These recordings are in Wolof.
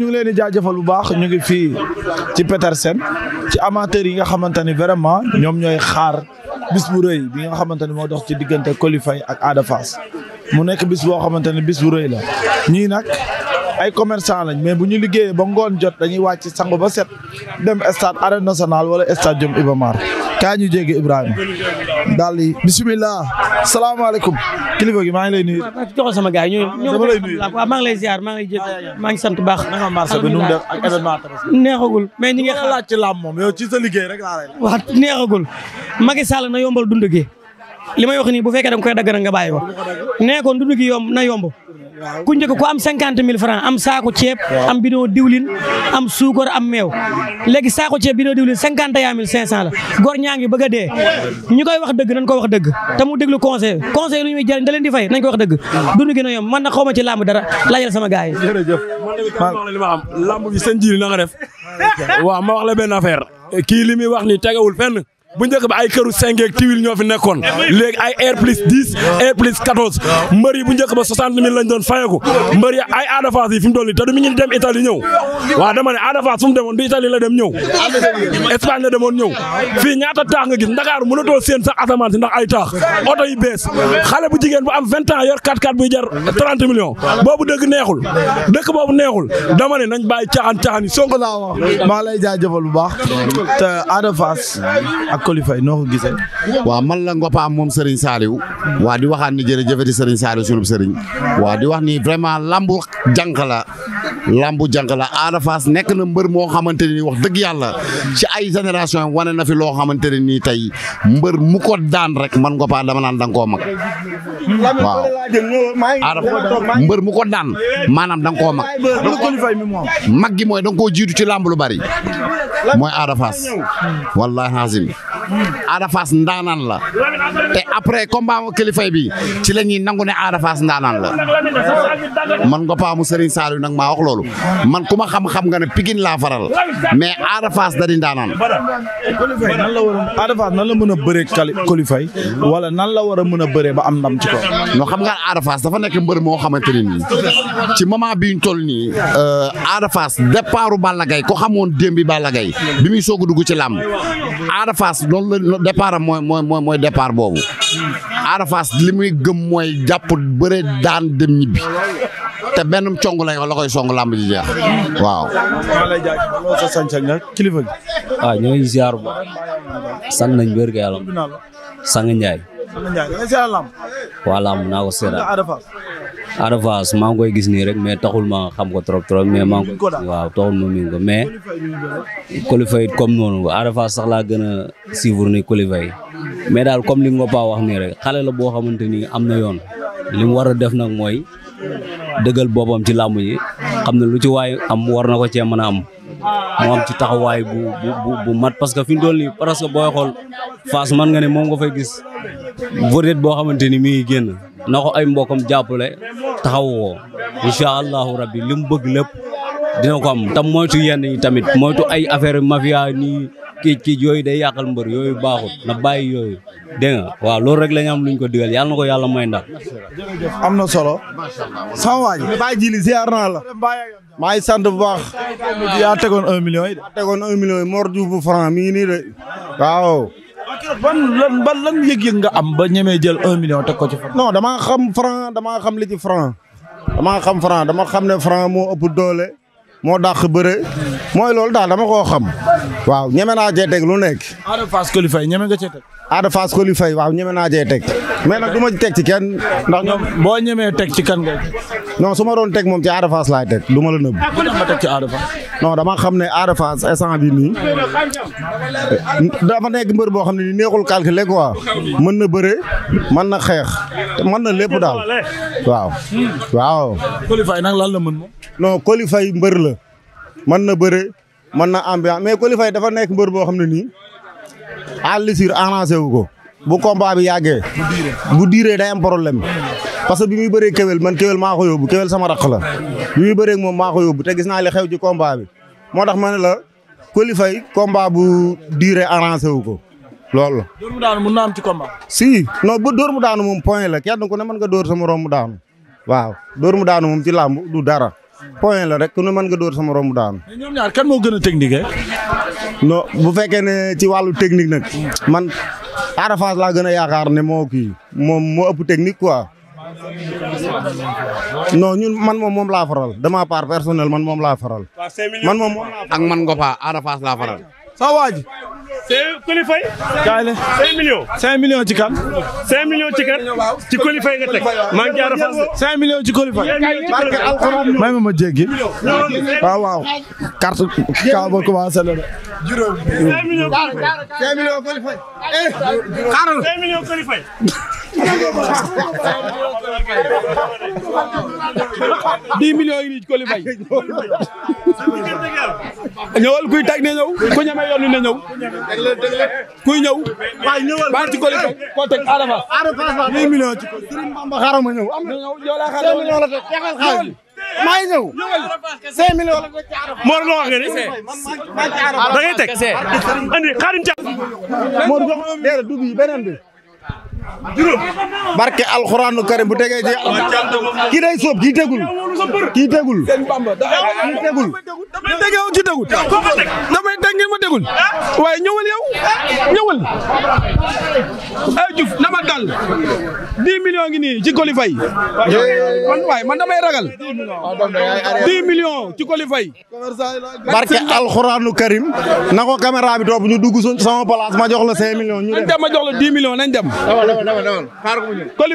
ñu ngi leen di jaajëfal bu baax ñu ngi fii ci Petersen ci amateurs yi nga xamante ni vraiment ñoom ñooy xaar bis bu rëy bi nga xamante ni moo dox ci diggante Coly Faye ak Ada Fass mu nekk bis boo xamante ni bis bu rëy la ñii nag ay commerçant lañ mais bu ñu liggéeyee ba ngoon jot dañuy wàcc sangu ba set dem stade arène nationale wala stade Jom Iba Mar kaa ñu jéggi Ibrahima daal di bisimilah salaamaaleykum kilifa gi maa ngi lay nuyu. joxal sama gars yi dama lay maa ngi lay ziar maa ngi lay maa ngi sant bu baax. na nga marché bi nu mu def ak mais ñi ngi xalaat ci moom yow ci sa liggéey rek laa lay. waaw neexagul Macky Sall na yombal dund gi li may wax nii bu fekkee da nga koy dagg nga bàyyi ko nee ko dund gi yomb na yomb. ku njëkk ku am cinquante mille francs am saako ceeb am bidon diwlin am suukar am meew léegi saako ceeb bidon diwlin cinquante et un mille la góor ñaa ngi bëgg a dee ñu koy wax dëgg nañ ko wax dëgg te mu déglu conseil conseil lu ñuy jëriñ da leen di fay nañ ko wax dëgg dund gi na yomb man na xaw ma ci làmb dara laajal sama gars làmb bi seen jiir na nga def waaw ma wax la benn affaire kii li muy wax ni tegewul fenn bu njëkk ba ay këru cinq ak tiwil ñoo fi nekkoon léegi ay air plus 10 air plus 14 mbër bu njëkk ba 60 mille lañ doon fayeku mbër yi ay Ada Fass yi fi mu doon nii te mi ngi dem Italie ñëw waaw dama ne Ada Fass fu demoon du Italie la dem ñëw Espagne la demoon ñëw fii ñaata taax nga gis Ndakaaru mënatoo seen sax asamaan si ndax ay taax oto yu bees xale bu jigéen bu am 20 ans yor 4x4 buy jar 30 millions boobu dëgg neexul dëkk boobu neexul dama nañ bàyyi caaxaan caaxaan yi Sonko laa wax maa lay jaajëfal bu baax Coly Faye noo ko gisee. waaw man la Ngopaam moom Serigne Saliou. waa di waxaat ni jërëjëfati sëriñ Saliou sunub Serigne. waa di wax ni vraiment lambu jànq la. lambu jàng la Ada nekk na mbër moo xamante ne nii wax dëgg yàlla ci ay génération am wane na fi loo xamante ne nii tey mbër mu ko daan rek man nga dama naan da nga koo mag mbër mu ko daan maanaam da nga koo mag mag gi mooy da nga koo ci lamb lu bari mooy Ada Fass wallaahi azim Ada ndaanaan la te après combat ma kilifay bi ci la ñuy nangu ne Ada Fass ndaanaan la man nga mu Serigne Saliou nag maa wax loolu loolu man ku ma xam-xam nga na Pikine laa faral mais Ada Fass da di ndaanaan. Colifay nan la war a Ada Fass nan la mën a bëree Colifay wala la war mën a bëree ba am ndam ci kaw. non xam nga Ada Fass dafa nekk mbër moo xamante ne nii ci moment bi ñu toll nii euh, Ada Fass départu Balla ko xamoon démb bi Balla Gaye bi muy soog a dugg ci làmb Ada Fass loolu mooy mooy boobu Ada Fass gëm mooy jàpp bëre daan dem ñibbi. te benn cong lañ la koy song làmb ji jeex waaw. waaw ah, ñoo ngi ziar bu sant nañ wér gu yàlla sang Ndiaye. waa làmb naa ko seedaat Ada Fass maa ngi koy gis nii rek mais taxul ma xam ko trop trop mais maa ngi koy waaw taxul ma miin ko mais qualifié comme noonu Ada Fass sax laa gën a suivre ni qualifié mais daal comme li nga wax nii rek xale la boo xamante ni am na yoon li mu war mooy. dëggal boppam ci làmb yi xam ne lu ci waay am war na ko cee mën a am mu am ci taxawaay bu bu bu mat parce que fi mu toll nii parce que booy xool Fass man nga ne moom nga fay gis vedette boo xamante ni mi ngi génn na ko ay mbokkam jàppale taxaw ko incha allahu rabbi li bëgg lépp dina ko am tam moytu yenn tamit moytu ay affaire mafia nii kiic kiic yooyu day yàqal mbër yooyu baaxul na bàyyi yooyu dégg nga waaw loolu rek la am luñ ko digal yàlla na ko yàlla may ndax am na solo sama waa ji bàyyi jili ziar naa la maa ngi sant bu baax yaa tegoon un million yi de tegoon un million yi franc mi ngi nii de waaw ban lan ban lan nga am ba ñemee jël un million teg ko ci franc non damaa xam franc damaa xam li franc damaa xam doole moo dàq bëre mooy loolu daal dama ko xam waaw ñeme naa cee teg lu nekk. Ada Fass Coly Faye ñeme nga waaw ñeme naa teg mais nag du ma teg ci kenn ndax boo ñemee teg ci kan nga. non su ma doon teg moom ci Ada Fass laay teg du ma la nëbb. ma teg ci Ada Fass. non dama xam ne Ada Fass bi nii dafa nekk mbër boo xam ne nii neexul calculer quoi mën na bëre mën na xeex mën na lépp daal waaw. waaw. Coly Faye la mën moom. non Coly Faye mbër la. mën na bëre mën na ambiance mais Coly Faye dafa nekk mbër boo xam ne nii allisir l'issue wu ko. bu combat bi yàggee. bu diiree day am problème. parce que bi muy bëree kéwél man kéwél maa ko yóbbu kéwél sama rakk la bi muy bëree moom maa ko yóbbu te gis naa li xew ji combat bi moo tax ma ne la kolifay Faye combat bu diiree arrangé wu ko loolu la. dóor mu daanu ci combat. si no bu door mu daanu moom point la kenn ku ne mën nga door sama morom mu daanu waaw dóor mu daanu moom ci làmb du dara. point la rek ku ne mën nga dóor sama romb daanu. ñoom moo gën a technique rek. Eh? bu fekkee ne ci wàllu technique nag man Ada Fass laa gën a yaakaar ne moo kii moom moo ëpp technique quoi. non ñun man moom moom laa faral de ma part personnelle man moom laa faral. man moom ak man Ngopa Ada Fass laa sa waa ji. Coly Faye. kaay la ci kan. 5 maa ngi jaar fas. 5 millions ci Coly Faye. ma ma jéggi. waaw ah, waaw. carte kaa ba commencé la. juróomi. 5 ñëwal kuy tag ne ñëw ku ñeme yoon ne ñëw. kuy ñëw. waaw ñëwal baal ci kóol yi koo teg Ada Fass. Ada Fass waaw 10 millions ci ko. Serigne Bamba xaaral ma ñëw. am na yow laa xaaral ma ñëw 5 millions la teg jeexal xaalis bi. maa ngi ñëw. 5 millions la teg ci Ada Fass. Mor nga wax nga ni. da ngay teg. andi xaarim ca. Mor jox ma déedéet dugub yi beneen bi. juróom. barke alxuraanu karim bu tegee ci. kii day sóob kii tegul. kii tegul kii tegul. damay teg yow ci tegul. damay teg ah. waaye ñëwal yow ñëwal. ay Diouf na ma dal. 10 millions ngi nii ci Coly Faye. man na man damay ragal. 10 ah, millions ci Coly Faye. barke alxuraanu Karim. na ko caméra bi topp ñu dugg sama place ma jox la 5 millions. ñu dem ma jox la 10 millions nañ dem. Coly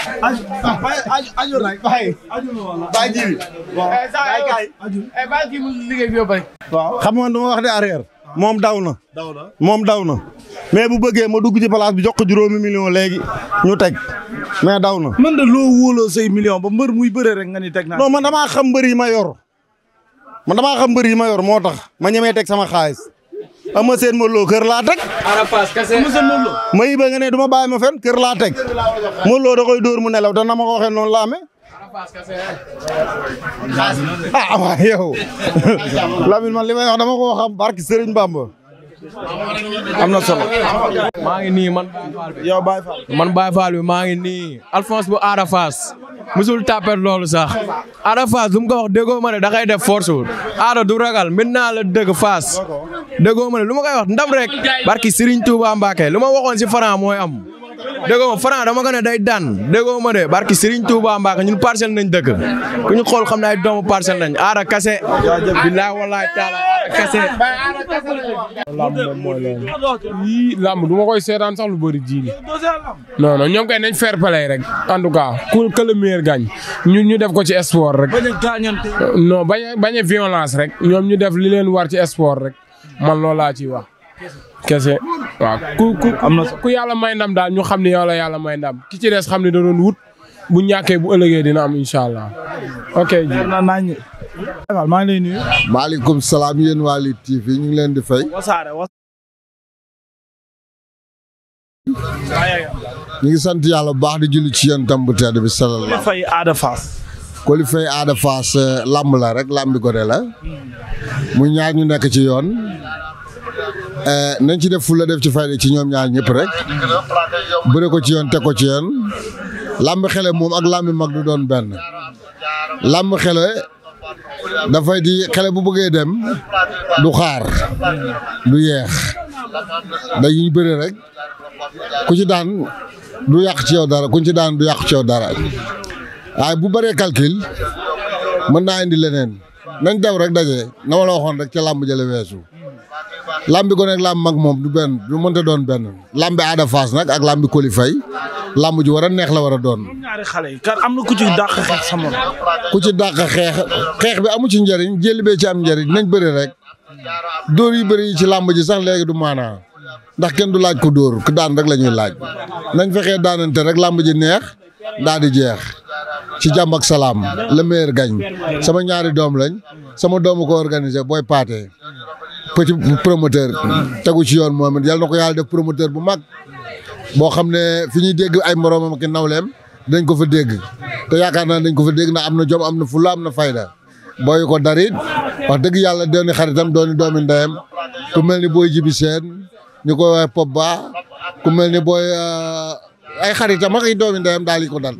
Ah, aju aju aju nag bàyyi. aju eh, eh, ma liggéey bi yow xam nga nu ma wax de arrière. moom daw na. daw na moom daw na. mais bu bëggee ma dugg ci place bi jox ko juróomi million léegi ñu teg mais daw na. man de loo wóoloo say million ba mbër muy bëree rek nga ni teg na non man damaa xam mbër yi ma yor man damaa xam mbër yi ma yor moo tax ma ñemee teg sama xaalis. ama seen Modou kër laa teg. ma yi kër laa teg Modou Lo da koy dóor mu ne te na ma ko waxee noonu laa amee ah waaw yow Lamine man li may wax dama ko xam barki Serigne Bamba am na solo. maa ngi nii man. yow Baye maa ngi nii Alphonse bu Ada Fass musul tapet loolu sax Ada Fass lu mu ko wax ma ne da kay def force wul du ragal maintenant la dëgg Fass. déggoo ma lu ma koy wax ndam rek barki Serigne Touba Mbacke lu ma waxoon si Franc mooy am déggoo ma Franc dama ko day daan déggoo ma de barki Serigne Touba Mbacke ñun parcelle nañ dëkk ku ñu xool xam ne ay doomu parcelle nañ aara kase billaay wallaay taala aara kase lamb lamb du ma koy seetaan sax lu bëri jiili non ñoom kay nañ fair play rek en tout cas ñu def ko ci sport rek non a bañ a violence ñoom ñu def li leen war ci sport rek man loolu laa ciy wax. kese waaw ku ku am ku yàlla may ndam daal ñu xam ne yow yàlla may ndam ki ci des xam ne da doon wut bu ñàkkee bu ëllëgee dina am incha allah. ok ji maa maaleykum salaam yéen waa Lutte TV ñu ngi leen di fay. ñu ngi sant yàlla bu baax di julli ci yéen tam bu tedd bi sallallahu. fay Ada Colyphé Ada Fass euh, làmb la rek làmbi gone la mu ñaar ñu nekk ci yoon euh, nañ ci def fulla def ci fayda ci ñoom ñaar ñëpp rek bëre ko ci yoon teg ko ci yoon làmb xele moom ak làmbi mag du doon benn làmb xele dafay di xele bu bëggee dem du xaar du yeex dañuy bëre rek ku ci daan du yàq ci yow dara ku ci daan du yàq ci dara waaye bu baree calcul mën naa indi leneen nañ daw rek daje na ma la waxoon rek ca làmb jële weesu. làmbi ko rek làmb mag moom du benn du mënta doon benn làmbi Ada Fass nag ak làmbi Coly Faye làmb ji war a neex la war a doon. ñaari yi kat am na ku ci dàq xeex sama ku ci dàq xeex xeex bi amu ci njëriñ jëli bee ci am njëriñ nañ bëri rek dóor yu bëri yi ci làmb ji sax léegi du maana ndax kenn du laaj ko dóor ku daan rek la ñuy laaj nañ fexee daanante rek làmb ji neex daal di jeex. ci jàmm ak salaam le maire gagne sama ñaari doom lañ sama doomu ko organisé booy paate petit promoteur tegu ci yoon moom it yàlla na ko yàlla def promoteur bu mag boo xam ne fi ñuy dégg ay moroomam ki nawleem dañ ko fa dégg te yaakaar naa dañ ko fa dégg na am na jom am na fulla am na fayda booy ko darit wax dëgg yàlla dooni xaritam dooni doomi ndeyam ku mel ni booy jibi seen ñu koy waay pop baa ku mel ni booy euh, ay xaritam ak ay doomi ndeyam daal di ko dal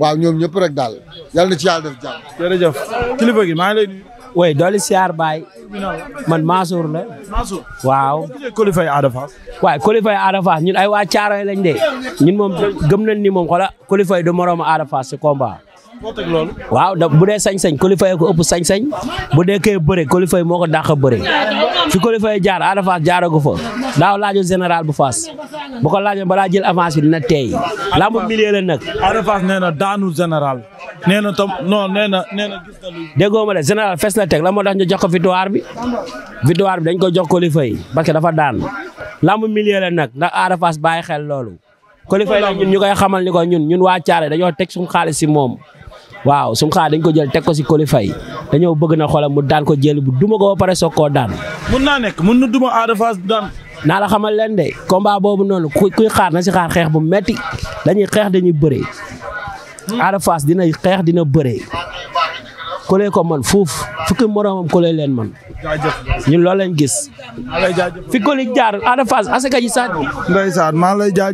waaw ñoom ñëpp rek daal yàlla na ci yàlla def jàmm. jërëjëf kilifa gi maa ngi lay nuyu. oui doole siyaar baay man Mansour la. Mansour waaw. Coly Faye Ada Fass. waaw Coly ay waa Caaroy lañ dee. ñun moom gëm ni moom xoola Coly Faye du moroomu Ada Fass si combat. waaw bu dee sañ-sañ Coly Faye ëpp sañ-sañ bu dee kay bëre Coly moo ko dàq a bëre. fi Coly Faye jaar Ada Fass jaaragu fa daaw laajoon général bu Fass bu ko laajoon balaa jël avance bi dina teey lamb milieu la nag. Ada Fass na daanu général nee na tam non nee na nee na gis ma de général fes la teg la moo tax ñu ko victoire bi victoire bi dañ ko jox Coly Faye parce que dafa daan lamb milieu la nag ndax Ada Fass bàyyi xel loolu. Coly Faye la ñun ni ko ñun ñun waa Thiaré dañoo teg suñu xaalis si moom. waaw su Sounkhara dañ ko jël teg ko si Coly Faye dañoo bëgg na xoolal mu daan ko jël bu duma ko ba pare soog koo daan. mun naa nekk mun na duma Ada Fass daan. naa la xamal leen de combat boobu noonu ku kuy xaar na si xaar xeex bu metti dañuy xeex dañuy bëree. Hmm? Ada Fass dina xeex dina bëree. kole ko man foofu fukki moroomam Coly leen man ñun loolu lañ gis. fi Coly jaar Ada Fass asaka ji sax. ndeysaan maa lay jaajëf